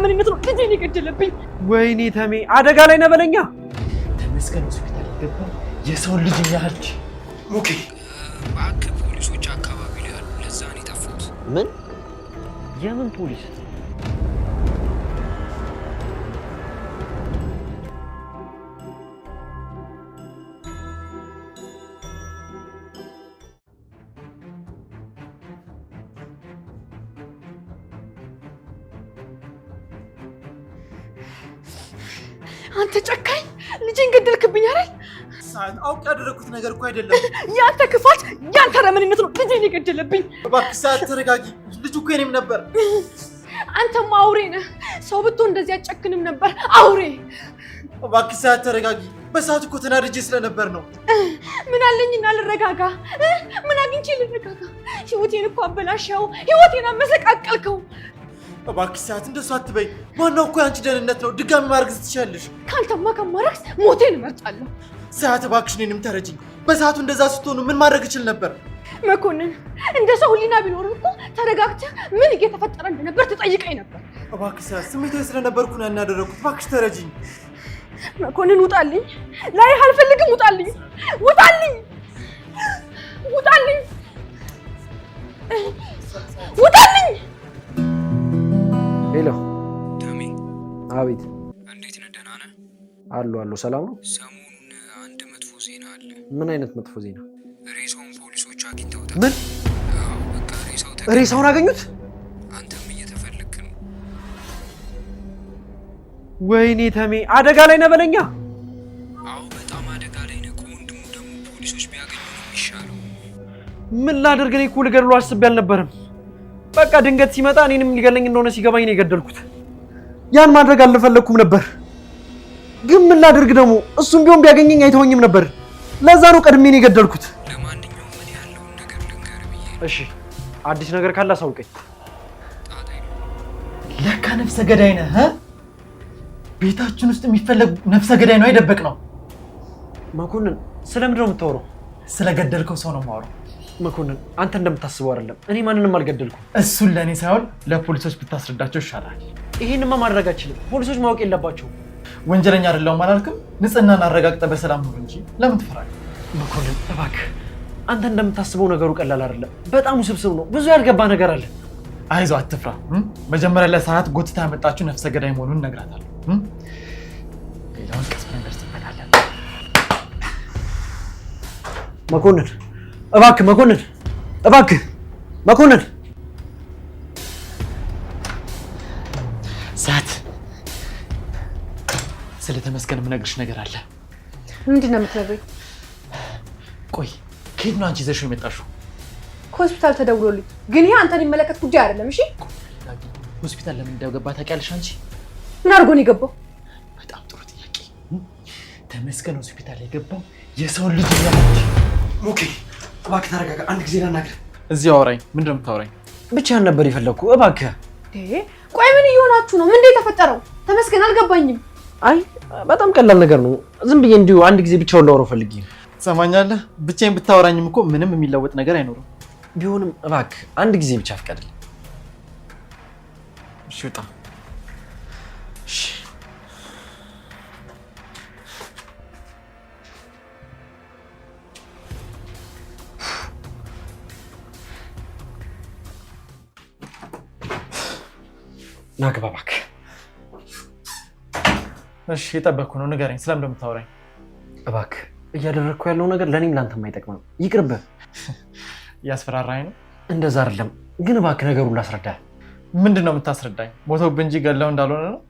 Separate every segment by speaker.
Speaker 1: አረመኔነት ነው ልጄን የገደለብኝ።
Speaker 2: ወይኔ ተሜ አደጋ ላይ ነህ በለኛ። ተመስገን ሆስፒታል ይገባል። የሰው ልጅ ያህልች ሙኬ
Speaker 3: ባክ ፖሊሶች አካባቢ ላይ ያሉ፣ ለዛ ነው የጠፋሁት።
Speaker 2: ምን የምን ፖሊስ ነገር እኮ አይደለም።
Speaker 1: ያንተ ክፋት፣ ያንተ ረመንነት ነው ልጄን የገደለብኝ።
Speaker 2: እባክሽ ተረጋጊ። ልጁ እኮ የኔም ነበር።
Speaker 1: አንተማ አውሬ ነህ። ሰው ብትሆን እንደዚህ አጨክንም ነበር አውሬ።
Speaker 2: እባክሽ ተረጋጊ። በሰዓት እኮ ተናድጄ ስለነበር ነው።
Speaker 1: ምን አለኝ እና ልረጋጋ? ምን አግኝቼ ልረጋጋ? ህይወቴን እኮ አበላሸው፣ ህይወቴን አመሰቃቀልከው።
Speaker 2: እባክሽ ሰዓት እንደሱ አትበይ። ዋናው እኮ የአንቺ ደህንነት ነው። ድጋሚ ማርገዝ ትችያለሽ።
Speaker 1: ካልተማ ከማረግዝ ሞቴን እመርጣለሁ።
Speaker 2: ሰዓት እባክሽ እኔንም ተረጅኝ። በሰዓቱ እንደዛ ስትሆኑ ምን ማድረግ እችል ነበር?
Speaker 1: መኮንን እንደ ሰው ሕሊና ቢኖርም እኮ ተረጋግተህ ምን እየተፈጠረ እንደነበር ትጠይቀኝ ነበር።
Speaker 2: እባክሽ ሳያት ስሜታዊ ስለነበርኩ ነው ያናደረኩት። እባክሽ ተረጅኝ።
Speaker 1: መኮንን ውጣልኝ፣ ላይ አልፈልግም። ውጣልኝ፣ ውጣልኝ፣ ውጣልኝ፣ ውጣልኝ።
Speaker 2: ሄሎ። አቤት።
Speaker 3: እንዴት ነህ? ደህና ነህ?
Speaker 2: አሉ አሉ። ሰላም ነው ዜና አለ። ምን አይነት መጥፎ ዜና?
Speaker 3: ሬሳውን ፖሊሶች አግኝተውታል።
Speaker 2: ምን? ሬሳውን አገኙት?
Speaker 3: አንተም እየተፈለክ ነው።
Speaker 2: ወይኔ ተሜ፣ አደጋ ላይ ነህ በለኛ።
Speaker 3: አዎ በጣም አደጋ ላይ ነህ። ከወንድሙ ደግሞ ፖሊሶች ቢያገኙ ነው የሚሻለው።
Speaker 2: ምን ላደርግ? እኔ እኮ ልገድለው አስቤ አልነበረም። በቃ ድንገት ሲመጣ እኔንም ሊገለኝ እንደሆነ ሲገባኝ ነው የገደልኩት። ያን ማድረግ አልፈለግኩም ነበር። ግን ምን ላድርግ ደግሞ እሱም ቢሆን ቢያገኘኝ አይተወኝም ነበር። ለዛ ነው ቀድሜን ነው የገደልኩት።
Speaker 3: ለማንኛውም ምን ያለውን ነገር ልንገር ብዬ።
Speaker 2: እሺ አዲስ ነገር ካለ አሳውቀኝ። ለካ ነፍሰ ገዳይ ነህ። ቤታችን ውስጥ የሚፈለግ ነፍሰ ገዳይ ነው አይደበቅ ነው። መኮንን ስለምንድን ነው የምታወራው? ስለገደልከው ሰው ነው የማወራው። መኮንን አንተ እንደምታስበው አይደለም። እኔ ማንንም አልገደልኩም። እሱን ለእኔ ሳይሆን ለፖሊሶች ብታስረዳቸው ይሻላል። ይህንማ ማድረግ አችልም። ፖሊሶች ማወቅ የለባቸውም። ወንጀለኛ አይደለሁም አላልክም? ንጽህናን አረጋግጠ በሰላም ኑር እንጂ ለምን ትፈራለህ? መኮንን እባክህ አንተ እንደምታስበው ነገሩ ቀላል አይደለም። በጣም ውስብስብ ነው። ብዙ ያልገባ ነገር አለ። አይዞ፣ አትፍራ። መጀመሪያ ለሰዓት ጎትታ ያመጣችሁ ነፍሰ ገዳይ መሆኑን እነግራታለሁ። ሌላውን ቀስ ብለን እንደርስበታለን። መኮንን እባክህ፣ መኮንን እባክህ፣ መኮንን ተመስገን የምነግርሽ ነገር አለ።
Speaker 1: ምንድን ነው የምትነግሪኝ?
Speaker 2: ቆይ ከየት ነው አንቺ ይዘሽው የመጣሽው?
Speaker 1: ከሆስፒታል ተደውሎልኝ፣ ግን ይህ አንተን የሚመለከት ጉዳይ አይደለም። እሺ
Speaker 2: ሆስፒታል ለምን እንደገባ ታውቂያለሽ አንቺ?
Speaker 1: ምን አድርጎ ነው የገባው?
Speaker 2: በጣም ጥሩ ጥያቄ። ተመስገን ሆስፒታል የገባው የሰውን ልጅ ያለች። ሞኬ እባክህ ተረጋጋ፣ አንድ ጊዜ ላናግር። እዚህ አውራኝ። ምንድን ነው የምታወራኝ? ብቻህን ነበር የፈለግኩ። እባክህ
Speaker 1: ቆይ ምን እየሆናችሁ ነው? ምንድን የተፈጠረው? ተመስገን አልገባኝም።
Speaker 2: አይ በጣም ቀላል ነገር ነው። ዝም ብዬ እንዲሁ አንድ ጊዜ ብቻውን ላወራው ፈልጌ። ትሰማኛለህ? ብቻዬን ብታወራኝም እኮ ምንም የሚለወጥ ነገር አይኖርም። ቢሆንም እባክህ አንድ ጊዜ ብቻ ፍቀድልኝ። እሺ በጣም ና እባክህ እሺ የጠበኩ ነው። ንገረኝ፣ ስለምን እንደምታወራኝ እባክህ። እያደረግኩ ያለው ነገር ለእኔም ለአንተም ነው። ይቅርብህ። እያስፈራራኝ ነው። እንደዛ አይደለም ግን እባክህ ነገሩን ላስረዳህ። ምንድን ነው የምታስረዳኝ? ሞተውብህ እንጂ ገለው እንዳልሆነ ነው።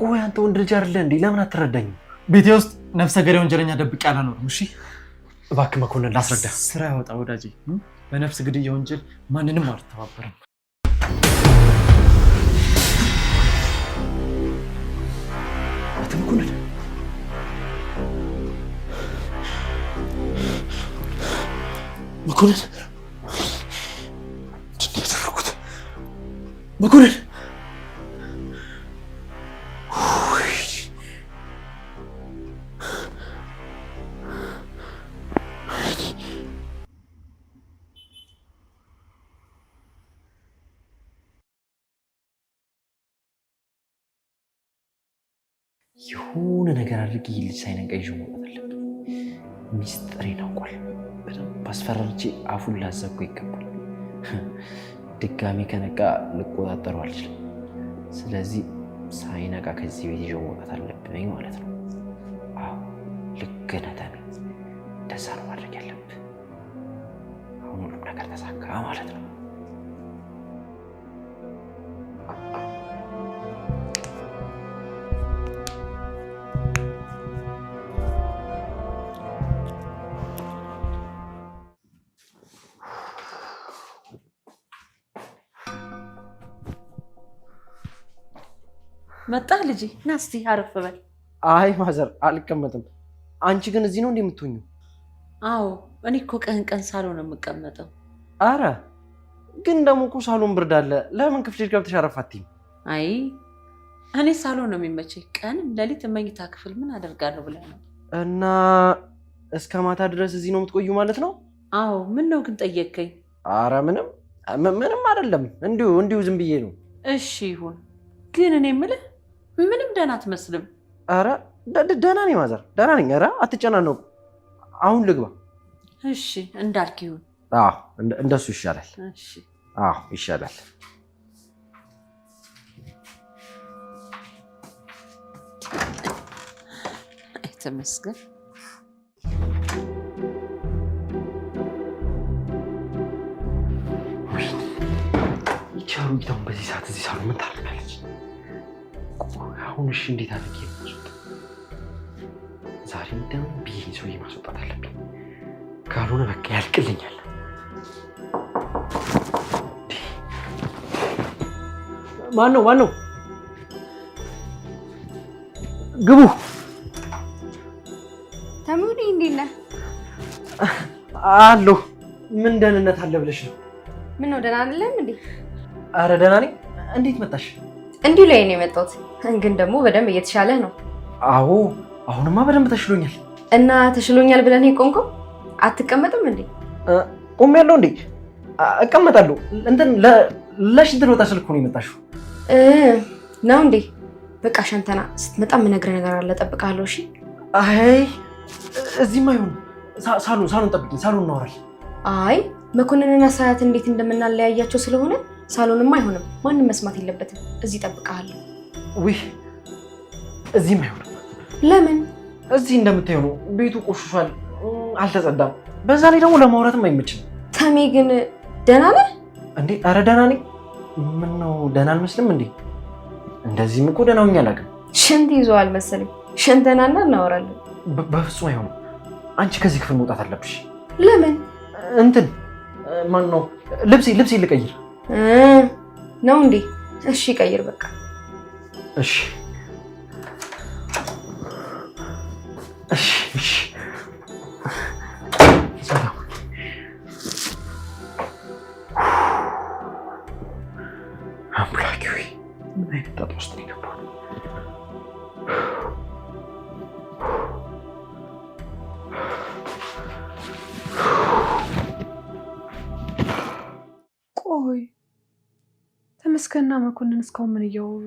Speaker 2: ቆይ አንተ ወንድ ልጅ አይደለህ እንዴ? ለምን አትረዳኝም? ቤቴ ውስጥ ነፍሰ ገዳይ ወንጀለኛ ደብቄ አላኖርም። እሺ እባክህ መኮንን ላስረዳህ። ስራ ያወጣ ወዳጄ፣ በነፍስ ግድያ ወንጀል ማንንም አልተባበርም። っても来ないで来ないでちょっと待ってくれ来 የሆነ ነገር አድርግ። ይህ ልጅ ሳይነቃ ይዤ መውጣት አለብን። ሚስጥሬን አውቋል። በጣም ባስፈራርቼ አፉን ላዘብኩ ይገባል። ድጋሚ ከነቃ ልቆጣጠሩ አልችልም። ስለዚህ ሳይነቃ ከዚህ ቤት ይዤ መውጣት አለብኝ ማለት ነው። አዎ ልክ ነህ ተሜ፣ እንደዛ ነው ማድረግ ያለብህ። አሁን ሁሉም ነገር ተሳካ ማለት ነው።
Speaker 1: መጣህ ልጅ ና እስቲ አረፍ በል።
Speaker 2: አይ ማዘር፣ አልቀመጥም። አንቺ ግን እዚህ ነው እንዴ የምትሆኚው?
Speaker 1: አዎ፣ እኔ እኮ ቀን ቀን ሳሎን ነው የምቀመጠው።
Speaker 2: አረ ግን ደግሞ እኮ ሳሎን ብርድ አለ። ለምን ክፍልሽ ገብተሽ አረፍ
Speaker 1: አይ እኔ ሳሎን ነው የሚመቸኝ። ቀን ለሊት መኝታ ክፍል ምን አደርጋለሁ ብለ ነው?
Speaker 2: እና እስከ ማታ ድረስ እዚህ ነው የምትቆዩ ማለት ነው?
Speaker 1: አዎ። ምን ነው ግን ጠየቅከኝ?
Speaker 2: አረ ምንም ምንም አይደለም፣ እንዲሁ እንዲሁ ዝም ብዬ ነው።
Speaker 1: እሺ ይሁን። ግን እኔ የምልህ ምንም ደህና አትመስልም።
Speaker 2: ኧረ ደህና ነኝ ማዘር፣ ደህና ነኝ። ኧረ አትጨናነቁ። አሁን ልግባ።
Speaker 1: እሺ እንዳልክ ይሁን።
Speaker 2: አዎ እንደሱ ይሻላል። እሺ አዎ ይሻላል። ተመስገን አሁን እሺ፣ እንዴት አድርጌ ማስወጣ? ዛሬም ደም ብዬን ሰውዬ ማስወጣት አለብኝ። ካልሆነ በቃ ያልቅልኛል። ማን ነው? ማን ነው? ግቡ።
Speaker 1: ተምሪ እንዴት ነህ?
Speaker 2: አለሁ። ምን ደህንነት አለ ብለሽ ነው?
Speaker 1: ምን ነው ደህና አይደለም እንዴ?
Speaker 2: አረ ደህና ነኝ። እንዴት መጣሽ?
Speaker 1: እንዲሁ ላይ ነው የመጣሁት ግን ደግሞ በደንብ እየተሻለህ ነው።
Speaker 2: አዎ አሁንማ በደንብ ተሽሎኛል።
Speaker 1: እና ተሽሎኛል ብለን የቆምከው አትቀመጥም እንዴ?
Speaker 2: ቆም ያለው እንዴ? እቀመጣለሁ። እንትን ለሽንት ልወጣ ስልክ ነው የመጣሽው
Speaker 1: ነው እንዴ? በቃ ሸንተና ስትመጣ የምነግርህ ነገር አለ። እጠብቅሃለሁ። እሺ።
Speaker 2: አይ እዚህማ ይሁን። ሳሎን ሳሎን ጠብቂኝ፣ ሳሎን እናወራለን።
Speaker 1: አይ መኮንንና ሳያት እንዴት እንደምናለያያቸው ስለሆነ ሳሎንማ አይሆንም። ማንም መስማት የለበትም። እዚህ እጠብቅሃለሁ።
Speaker 2: ውይ እዚህም አይሆንም። ለምን? እዚህ እንደምታየው ነው። ቤቱ ቆሽሿል፣ አልተጸዳም። በዛ ላይ ደግሞ ለማውራትም አይመችም።
Speaker 1: ተሜ ግን ደህና ነህ
Speaker 2: እንዴ? አረ ደህና ነኝ። ምነው ደህና አልመስልም እንዴ? እንደዚህም እኮ ደህና ሆኜ አላውቅም።
Speaker 1: ሽንት ይዞሃል መሰለኝ። ሽንተናና እናወራለን።
Speaker 2: በፍጹም አይሆንም። አንቺ ከዚህ ክፍል መውጣት አለብሽ። ለምን? እንትን ማን ልብሴ ልብሴ ልቀይር
Speaker 1: ነው እንዴ? እሺ ቀይር በቃ።
Speaker 2: እሺ እሺ እሺ አምላኪ ሆይ ምን አይነት ጣጣ ውስጥ ነው የገባሁት?
Speaker 1: ቆይ ተመስገንና መኮንን እስካሁን ምን እያወሩ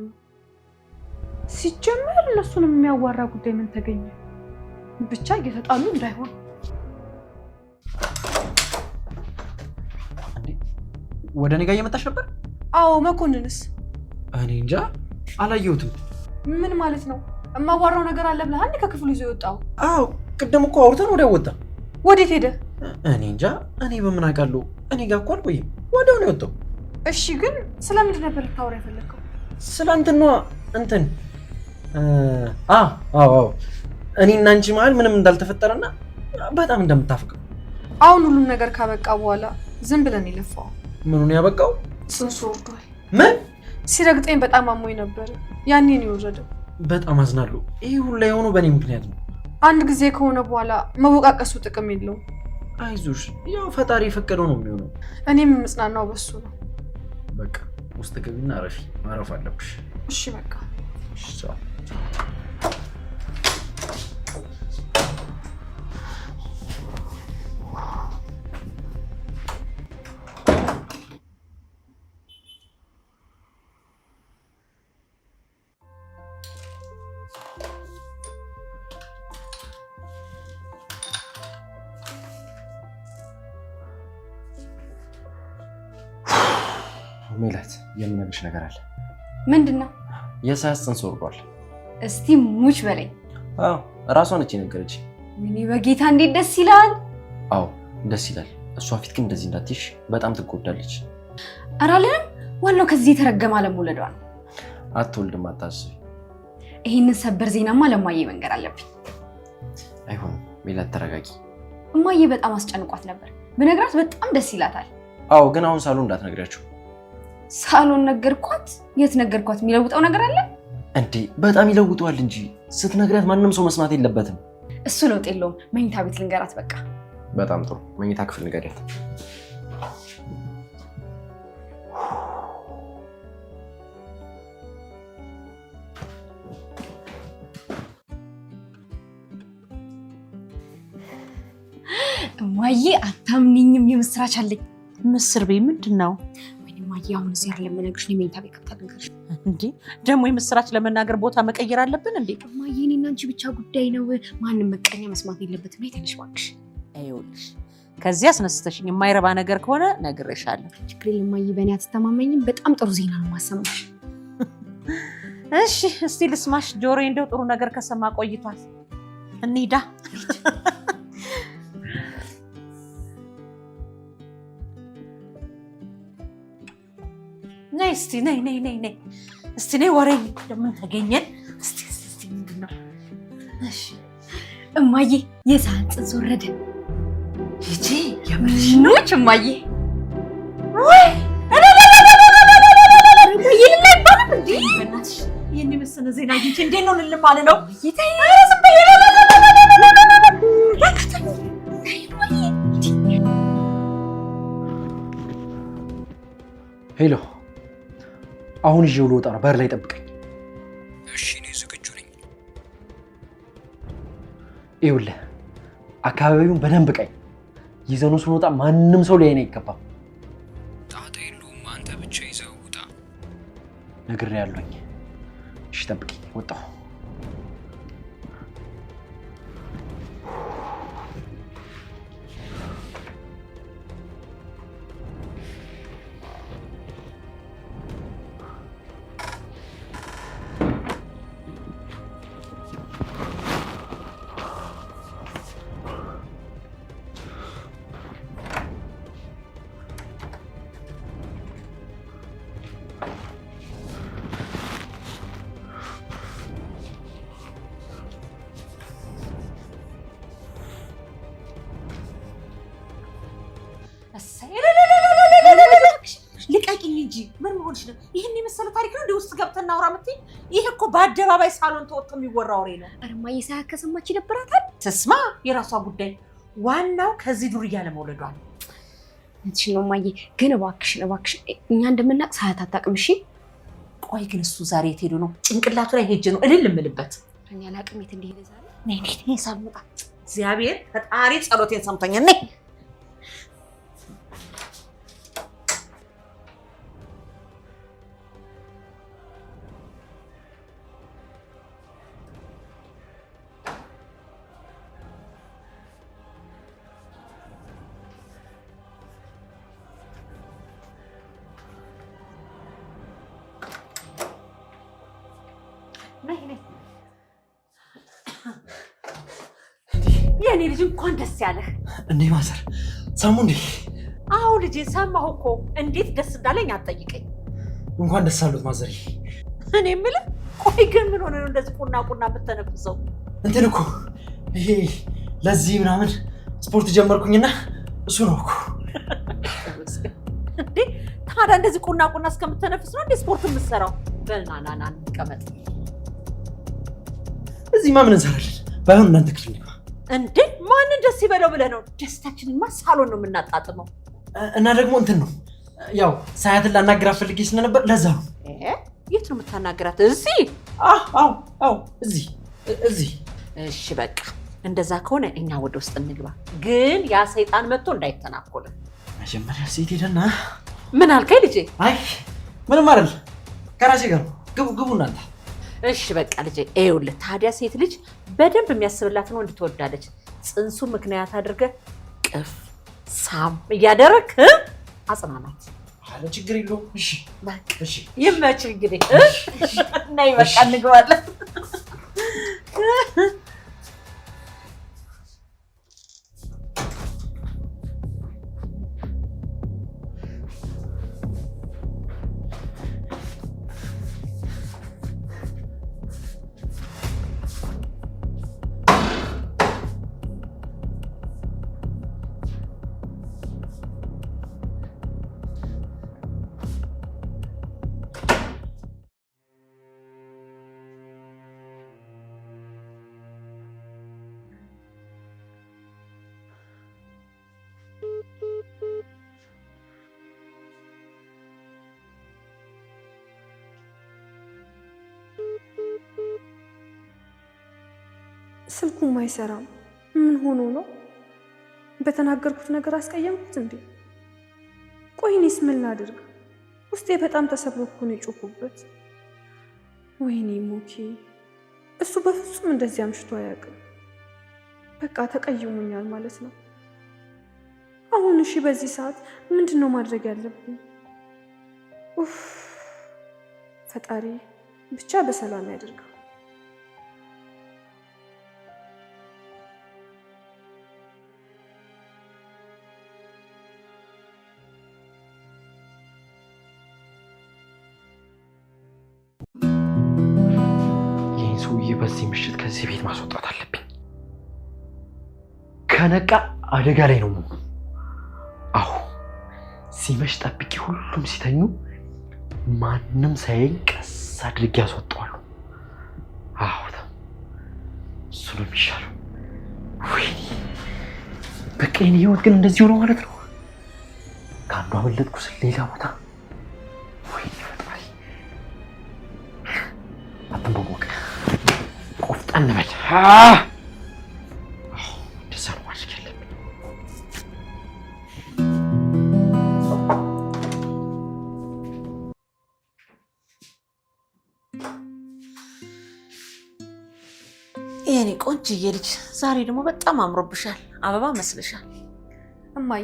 Speaker 1: ሲጀመር እነሱን የሚያዋራ ጉዳይ ምን ተገኘ? ብቻ እየተጣሉ እንዳይሆን።
Speaker 2: ወደ እኔ ጋር እየመጣች ነበር?
Speaker 1: አዎ። መኮንንስ?
Speaker 2: እኔ እንጃ አላየሁትም።
Speaker 1: ምን ማለት ነው? የማዋራው ነገር አለ ብለሃል ከክፍሉ ይዞ የወጣው?
Speaker 2: አዎ፣ ቅድም እኮ አውርተን ወዲያው ወጣ። ወዴት ሄደ? እኔ እንጃ። እኔ በምን አውቃለሁ? እኔ ጋ እኮ አልቆይም፣ ወዲያው ነው የወጣው።
Speaker 1: እሺ፣ ግን ስለምንድን ነበር ልታወራ የፈለግከው?
Speaker 2: ስለ እንትኗ እንትን እኔና እኔ እና አንቺ መሀል ምንም እንዳልተፈጠረና በጣም እንደምታፈቅር
Speaker 1: አሁን ሁሉም ነገር ካበቃ በኋላ ዝም ብለን የለፋው ምኑን ያበቃው ጽንሱ ወርዷል። ምን ሲረግጠኝ በጣም አሞኝ ነበር። ያኔ ነው የወረደው።
Speaker 2: በጣም አዝናለሁ። ይህ ሁላ የሆኑ በእኔ ምክንያት ነው።
Speaker 1: አንድ ጊዜ ከሆነ በኋላ መወቃቀሱ ጥቅም የለውም።
Speaker 2: አይዞሽ፣ ያው ፈጣሪ የፈቀደው ነው የሚሆነው።
Speaker 1: እኔም የምጽናናው በሱ ነው።
Speaker 2: በቃ ውስጥ ግቢና አረፊ፣ ማረፍ አለብሽ። እሺ በቃ ሜላት የምነግርሽ ነገር አለ። ምንድን ነው? የሳያስ ጽንስ ወርቋል።
Speaker 1: እስቲ ሙች በላይ
Speaker 2: አዎ ራሷ ነች የነገረች።
Speaker 1: ምን በጌታ እንዴት ደስ ይላል!
Speaker 2: አዎ ደስ ይላል። እሷ ፊት ግን እንደዚህ እንዳትይሽ፣ በጣም ትጎዳለች።
Speaker 1: አራለም ዋናው ከዚህ የተረገመ አለመውለዷ ነው።
Speaker 2: አትወልድም፣ አታስቢ።
Speaker 1: ይህንን ሰበር ዜናማ ለማየ መንገር አለብኝ።
Speaker 2: አይሆንም፣ ሜላት ተረጋጊ።
Speaker 1: እማዬ በጣም አስጨንቋት ነበር። ብነግራት በጣም ደስ ይላታል።
Speaker 2: አዎ ግን አሁን ሳሎን እንዳትነግሪያቸው።
Speaker 1: ሳሎን ነገርኳት? የት ነገርኳት? የሚለውጠው ነገር አለ
Speaker 2: እንዴ በጣም ይለውጠዋል እንጂ ስትነግሪያት ማንም ሰው መስማት የለበትም።
Speaker 1: እሱ ለውጥ የለውም። መኝታ ቤት ልንገራት በቃ።
Speaker 2: በጣም ጥሩ። መኝታ ክፍል ንገሪያት።
Speaker 1: ማዬ አታምንኝም የምስራች አለኝ።
Speaker 2: ምስር ቤ ምንድን ነው?
Speaker 1: እማዬ አሁን እዚህ አይደለም የምነግርሽ፣ እኔ መኝታ ቤት ገብታ ልንገርሽ።
Speaker 2: እንዴ ደግሞ የምስራች ለመናገር ቦታ መቀየር አለብን እንዴ?
Speaker 1: እማዬ እና አንቺ ብቻ ጉዳይ ነው። ማንም መቀኛ መስማት የለበትም። አይተንሽ እባክሽ።
Speaker 2: ይኸውልሽ ከዚህ አስነስተሽኝ የማይረባ ነገር ከሆነ ነግሬሻለሁ።
Speaker 1: ችግር የለም እማዬ፣ በእኔ አትተማመኝም። በጣም ጥሩ ዜና ነው ማሰማሽ። እሺ እስቲ ልስማሽ። ጆሮዬ እንደው ጥሩ ነገር ከሰማ ቆይቷል። እንሂዳ ነይ እስኪ ነይ ነይ ነይ ነይ እስኪ ነይ ወሬ ደግሞ ተገኘን። እስኪ እስኪ ምንድን ነው? እሺ እማዬ የሳህን ጽንስ ወረደ። ይቺ የምርሽ ነው እማዬ? ወይ ይህን የመሰለ ዜና አግኝቼ እንዴት ነው ልል ማለት ነው?
Speaker 2: ሄሎ አሁን ይዤው ልወጣ ነው። በር ላይ ጠብቀኝ።
Speaker 3: እሺ፣ እኔ ዝግጁ ነኝ።
Speaker 2: ይኸውልህ አካባቢውን በደንብ ቀኝ። ይዘኑ ስንወጣ ማንም ሰው ሊያየን አይገባም።
Speaker 3: ጣጣ የለውም። አንተ ብቻ ይዘው ውጣ።
Speaker 2: ነግሬያለሁኝ። እሺ፣ ጠብቀኝ። ወጣሁ።
Speaker 1: ልቀቂኝ እንጂ ምን መሆንሽ በአደባባይ ሳሎን ተወጥ የሚወራ ወሬ ነው። እርማ የሳያ ከሰማች ይደብራታል። ትስማ፣ የራሷ ጉዳይ። ዋናው ከዚህ ዱርያ ለመውለዷል። እሺ ነው ማየ። ግን እባክሽን እባክሽን እኛ እንደምናቅ ሳያት አታውቅም። እሺ ቆይ ግን እሱ ዛሬ የት ሄዶ ነው? ጭንቅላቱ ላይ ሄጄ ነው እልል የምልበት። እኛ ላቅም የት እንደሄደ ዛሬ ነይ እግዚአብሔር ፈጣሪ ጸሎቴን ሰምቶኛል። ነይ የኔ ልጅ እንኳን ደስ ያለህ።
Speaker 2: እንዴ ማዘር ሰሙ እንዴ?
Speaker 1: አዎ ልጄ ሰማሁ እኮ እንዴት ደስ እንዳለኝ አትጠይቀኝ።
Speaker 2: እንኳን ደስ አሉት ማዘር።
Speaker 1: እኔ የምልህ ቆይ ግን ምን ሆነ ነው እንደዚህ ቁና ቁና የምትተነፍሰው?
Speaker 2: እንትን እኮ ይሄ ለዚህ ምናምን ስፖርት ጀመርኩኝና እሱ ነው እኮ።
Speaker 1: እንዴ ታዲያ እንደዚህ ቁና ቁና እስከምትተነፍስ ነው እንዴ ስፖርት የምትሰራው? በልና ናና እንቀመጥ።
Speaker 2: እዚህማ ምን እንሰራለን? ባይሆን እናንተ ክፍል ነው
Speaker 1: እንዴ ማንን ደስ ይበለው ብለህ ነው? ደስታችንማ ሳሎን ነው የምናጣጥመው።
Speaker 2: እና ደግሞ እንትን ነው ያው ሳያትን ላናግራት ፈልጌ ስለነበር ለዛ ነው።
Speaker 1: የት ነው የምታናገራት እዚህ?
Speaker 2: እዚህ እዚህ።
Speaker 1: እሺ በቃ እንደዛ ከሆነ እኛ ወደ ውስጥ እንግባ፣ ግን ያ ሰይጣን መጥቶ እንዳይተናኮል።
Speaker 2: መጀመሪያ ሴት ሄደና ምን አልከኝ ልጄ? አይ ምንም አይደል፣ ከራሴ ጋር ግቡ ግቡ እናንተ
Speaker 1: እሺ በቃ ልጅ ይኸውልህ፣ ታዲያ ሴት ልጅ በደንብ የሚያስብላትን ወንድ ትወዳለች። ጽንሱ ምክንያት አድርገ ቅፍ ሳም እያደረግ አጽናናት።
Speaker 2: አለ ችግር የለውም። እሺ
Speaker 1: እንግዲህ እና ይበቃ እንግባለን ስልኩም አይሰራም። ምን ሆኖ ነው? በተናገርኩት ነገር አስቀየምኩት እንዴ? ቆይ እኔስ ምን ላድርግ? ውስጤ በጣም ተሰብሮ እኮ ነው የጮኩበት። ወይኔ ሞኬ፣ እሱ በፍጹም እንደዚህ አምሽቶ አያውቅም። በቃ ተቀይሙኛል ማለት ነው። አሁን እሺ፣ በዚህ ሰዓት ምንድን ነው ማድረግ ያለብኝ? ኡፍ ፈጣሪ ብቻ በሰላም ያደርገው።
Speaker 2: ከዚህ ቤት ማስወጣት አለብኝ። ከነቃ አደጋ ላይ ነው። አሁ ሲመሽ ጠብቂ፣ ሁሉም ሲተኙ ማንም ሳይኝ ቀስ አድርጌ ያስወጣዋሉ። አሁ እሱ ነው የሚሻለው። ወይ በቃ የኔ ህይወት ግን እንደዚህ ሆነ ማለት ነው። ከአንዱ አመለጥኩ ስል ሌላ ቦታ እንደዛ
Speaker 1: የኔ ቆንጅዬ ልጅ ዛሬ ደግሞ በጣም አምሮብሻል፣ አበባ መስልሻል። እማዬ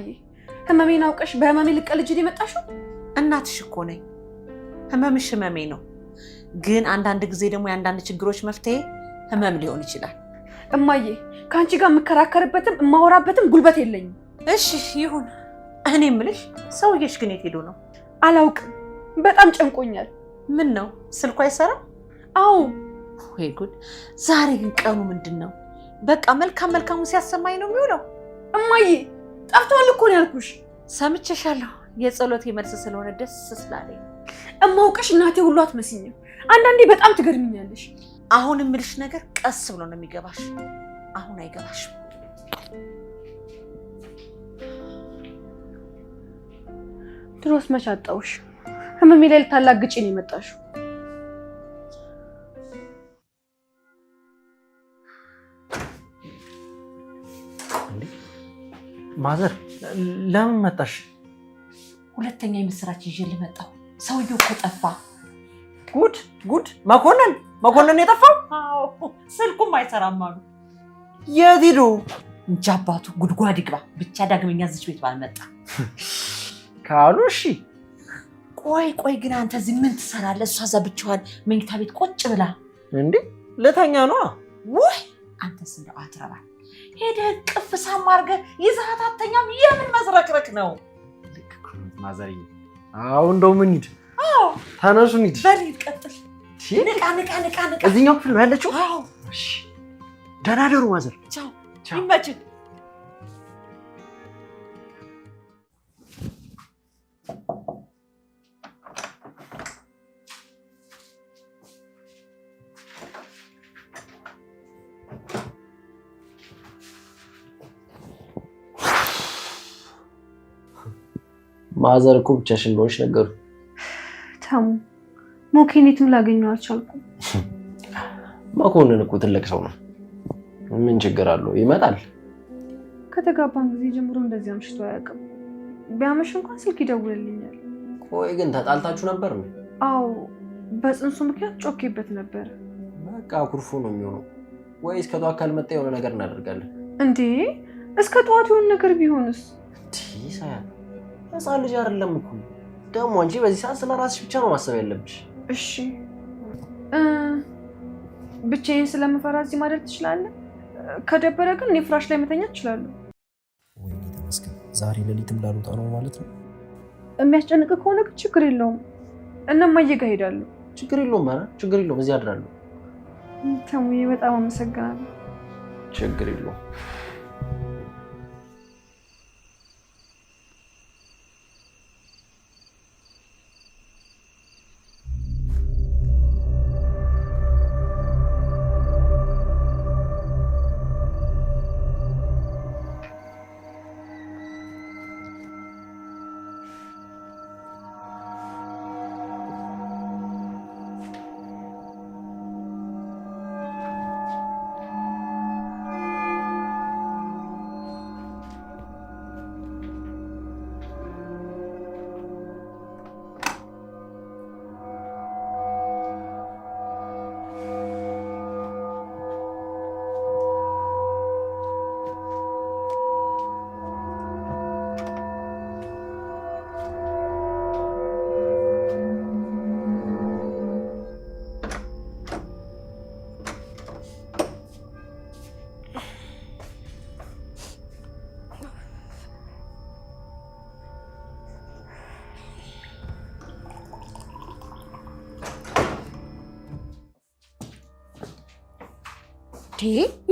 Speaker 1: ህመሜን አውቀሽ በህመሜ ልቀልጅን የመጣሽው እናትሽ እኮ ነኝ። ህመምሽ ህመሜ ነው፣ ግን አንዳንድ ጊዜ ደግሞ የአንዳንድ ችግሮች መፍትሄ ህመም ሊሆን ይችላል። እማዬ ከአንቺ ጋር የምከራከርበትም የማወራበትም ጉልበት የለኝም። እሺ ይሁን። እኔ የምልሽ ሰውዬሽ ግን የት ሄዶ ነው? አላውቅም። በጣም ጨንቆኛል። ምን ነው ስልኩ አይሰራም? አዎ። ወይ ጉድ! ዛሬ ግን ቀኑ ምንድን ነው? በቃ መልካም መልካሙ ሲያሰማኝ ነው የሚውለው። እማዬ ጠፍቷል እኮ ነው ያልኩሽ። ሰምቼሻለሁ። የጸሎቴ መልስ ስለሆነ ደስ ስላለኝ። እማውቅሽ እናቴ ሁሉ አትመስኝም። አንዳንዴ በጣም ትገርምኛለሽ። አሁን የምልሽ ነገር ቀስ ብሎ ነው የሚገባሽ። አሁን አይገባሽም። ድሮስ መች አጣሁሽ? ህመሜ ላይ ግጭ ነው የመጣሽው።
Speaker 2: ማዘር ለምን መጣሽ?
Speaker 1: ሁለተኛ የምስራች ይዤ ልመጣው። ሰውየው እኮ ጠፋ።
Speaker 2: ጉድ ጉድ! መኮንን መኮንን የጠፋው
Speaker 1: ስልኩም አይሰራም አሉ። የት ሄዶ እንጂ አባቱ ጉድጓድ ይግባ ብቻ ዳግመኛ እዚች ቤት ባልመጣ ካሉ። እሺ ቆይ ቆይ፣ ግን አንተ እዚህ ምን ትሰራለህ? እሷ እዛ ብቻዋን መኝታ ቤት ቆጭ ብላ
Speaker 2: እንዴ? ለተኛ ነዋ።
Speaker 1: ውይ አንተስ እንደው አትረባል። ሄደህ ቅፍ ሳም አድርገህ ይዘሃት አትተኛም? የምን መዝረክረክ ነው?
Speaker 2: ማዘርዬ። አዎ እንደው ምን ሂድ ታናሹን ሂድ
Speaker 1: በል ይቀጥል። ቀጥል። ንቃ ንቃ ንቃ ንቃ።
Speaker 2: እዚህኛው ክፍል ነው ያለችው። ደህና ደሩ ማዘር፣
Speaker 1: ቻው ቻው። ይመችል።
Speaker 2: ማዘር እኮ ብቻሽን እንደሆንሽ ነገሩ
Speaker 1: ሞኬኔትን ላገኘው አልቻልኩም።
Speaker 2: መኮንን እኮ ትልቅ ሰው ነው። ምን ችግር አለው? ይመጣል።
Speaker 1: ከተጋባን ጊዜ ጀምሮ እንደዚህ አምሽቶ አያውቅም። ቢያመሽ እንኳን ስልክ ይደውልልኛል።
Speaker 2: ቆይ ግን ተጣልታችሁ ነበር?
Speaker 1: አዎ፣ በፅንሱ ምክንያት ጮኬበት ነበር።
Speaker 2: በቃ ኩርፎ ነው የሚሆነው። ወይስ ከጠዋት ካልመጣ የሆነ ነገር እናደርጋለን።
Speaker 1: እንዴ እስከ ጠዋት የሆነ ነገር ቢሆንስ?
Speaker 2: ህፃን ልጅ አይደለም እኮ ደግሞ። አንቺ በዚህ ሰዓት ስለ ራስሽ ብቻ ነው ማሰብ ያለብሽ።
Speaker 1: እሺ ብቻዬን ስለምፈራ እዚህ ማደር ትችላለህ። ከደበረ ግን እኔ ፍራሽ ላይ መተኛ ትችላሉ።
Speaker 2: ወይኔ ተመስገን፣ ዛሬ ሌሊትም ላልወጣ ነው ማለት ነው።
Speaker 1: የሚያስጨንቅ ከሆነ ግን ችግር የለውም። እናማ እየጋ ሄዳለሁ።
Speaker 2: ችግር የለውም። ኧረ ችግር የለውም። እዚህ አድራለሁ።
Speaker 1: ተሙዬ፣ በጣም አመሰግናለሁ።
Speaker 2: ችግር የለውም።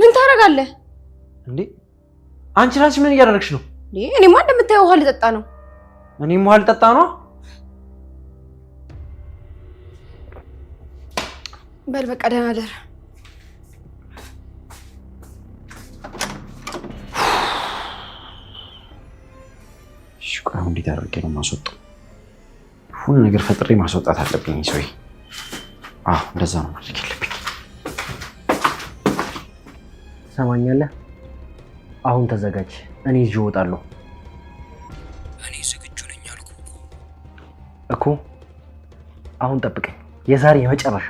Speaker 1: ምን ታደርጋለህ
Speaker 2: እንዴ? አንቺ ራስሽ ምን እያደረግሽ ነው?
Speaker 1: እኔማ እንደምታየው ውሃ ልጠጣ ነው።
Speaker 2: እኔም ውሃ ልጠጣ ነው።
Speaker 1: በል በቃ ደህና ደር።
Speaker 2: እንዴት አድርጌ ነው የማስወጣው? ሁሉ ነገር ፈጥሬ ማስወጣት አለብኝ። ሰውዬ፣ አዎ እንደዛ ነው ማለት ሰማኛለህ? አሁን ተዘጋጅ፣ እኔ ይዤ እወጣለሁ።
Speaker 3: እኔ ዝግጁ ነኝ አልኩህ
Speaker 2: እኮ። አሁን ጠብቀኝ፣ የዛሬ የመጨረሻ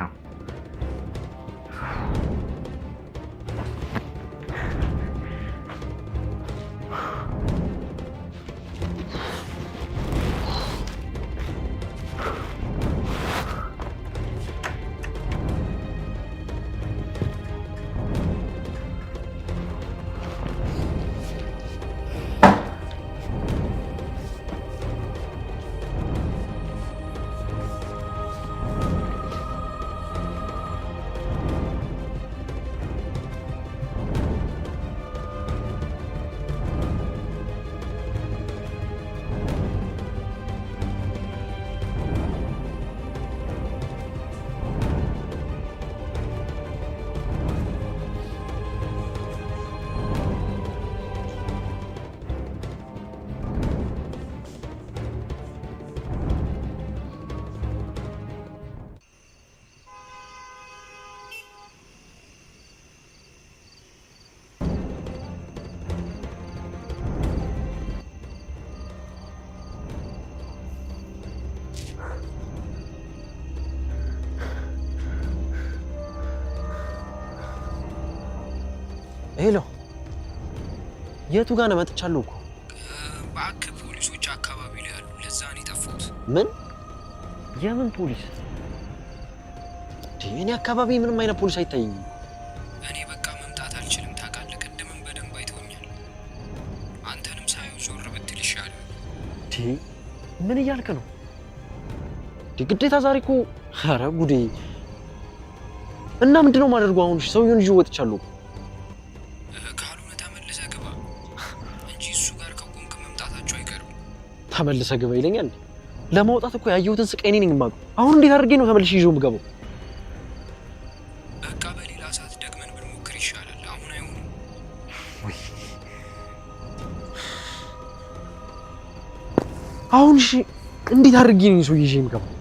Speaker 2: የቱ ጋር ነው? መጥቻለሁ እኮ
Speaker 3: እባክህ፣ ፖሊሶች አካባቢ ላይ ያሉ፣ ለዛ ነው የጠፋሁት።
Speaker 2: ምን? የምን ፖሊስ? እኔ አካባቢ ምንም አይነት ፖሊስ አይታየኝም።
Speaker 3: እኔ በቃ መምጣት አልችልም ታውቃለህ። ቅድምም በደንብ አይተውኛል። አንተንም ሳይሆን ዞር ብትል ይሻላል።
Speaker 2: ምን እያልክ ነው? ግዴታ ዛሬ እኮ ኧረ ጉዴ! እና ምንድነው ነው የማደርገው አሁን? ሰውዬውን ይዤው ወጥቻለሁ።
Speaker 3: እንጂ እሱ ጋር ከቆምክ መምጣታቸው አይቀርም።
Speaker 2: ተመልሰ ግባ ይለኛል። ለማውጣት እኮ ያየሁትን ስቃይ እኔ ነኝ የማውቀው። አሁን እንዴት አድርጌ ነው ተመልሼ ይዤው የምገባው?
Speaker 3: በቃ በሌላ ሰዓት ደግመን ብንሞክር ይሻላል። አሁን አይሆንም።
Speaker 2: አሁን እሺ፣ እንዴት አድርጌ ነው ሰው ይዤ የምገባው?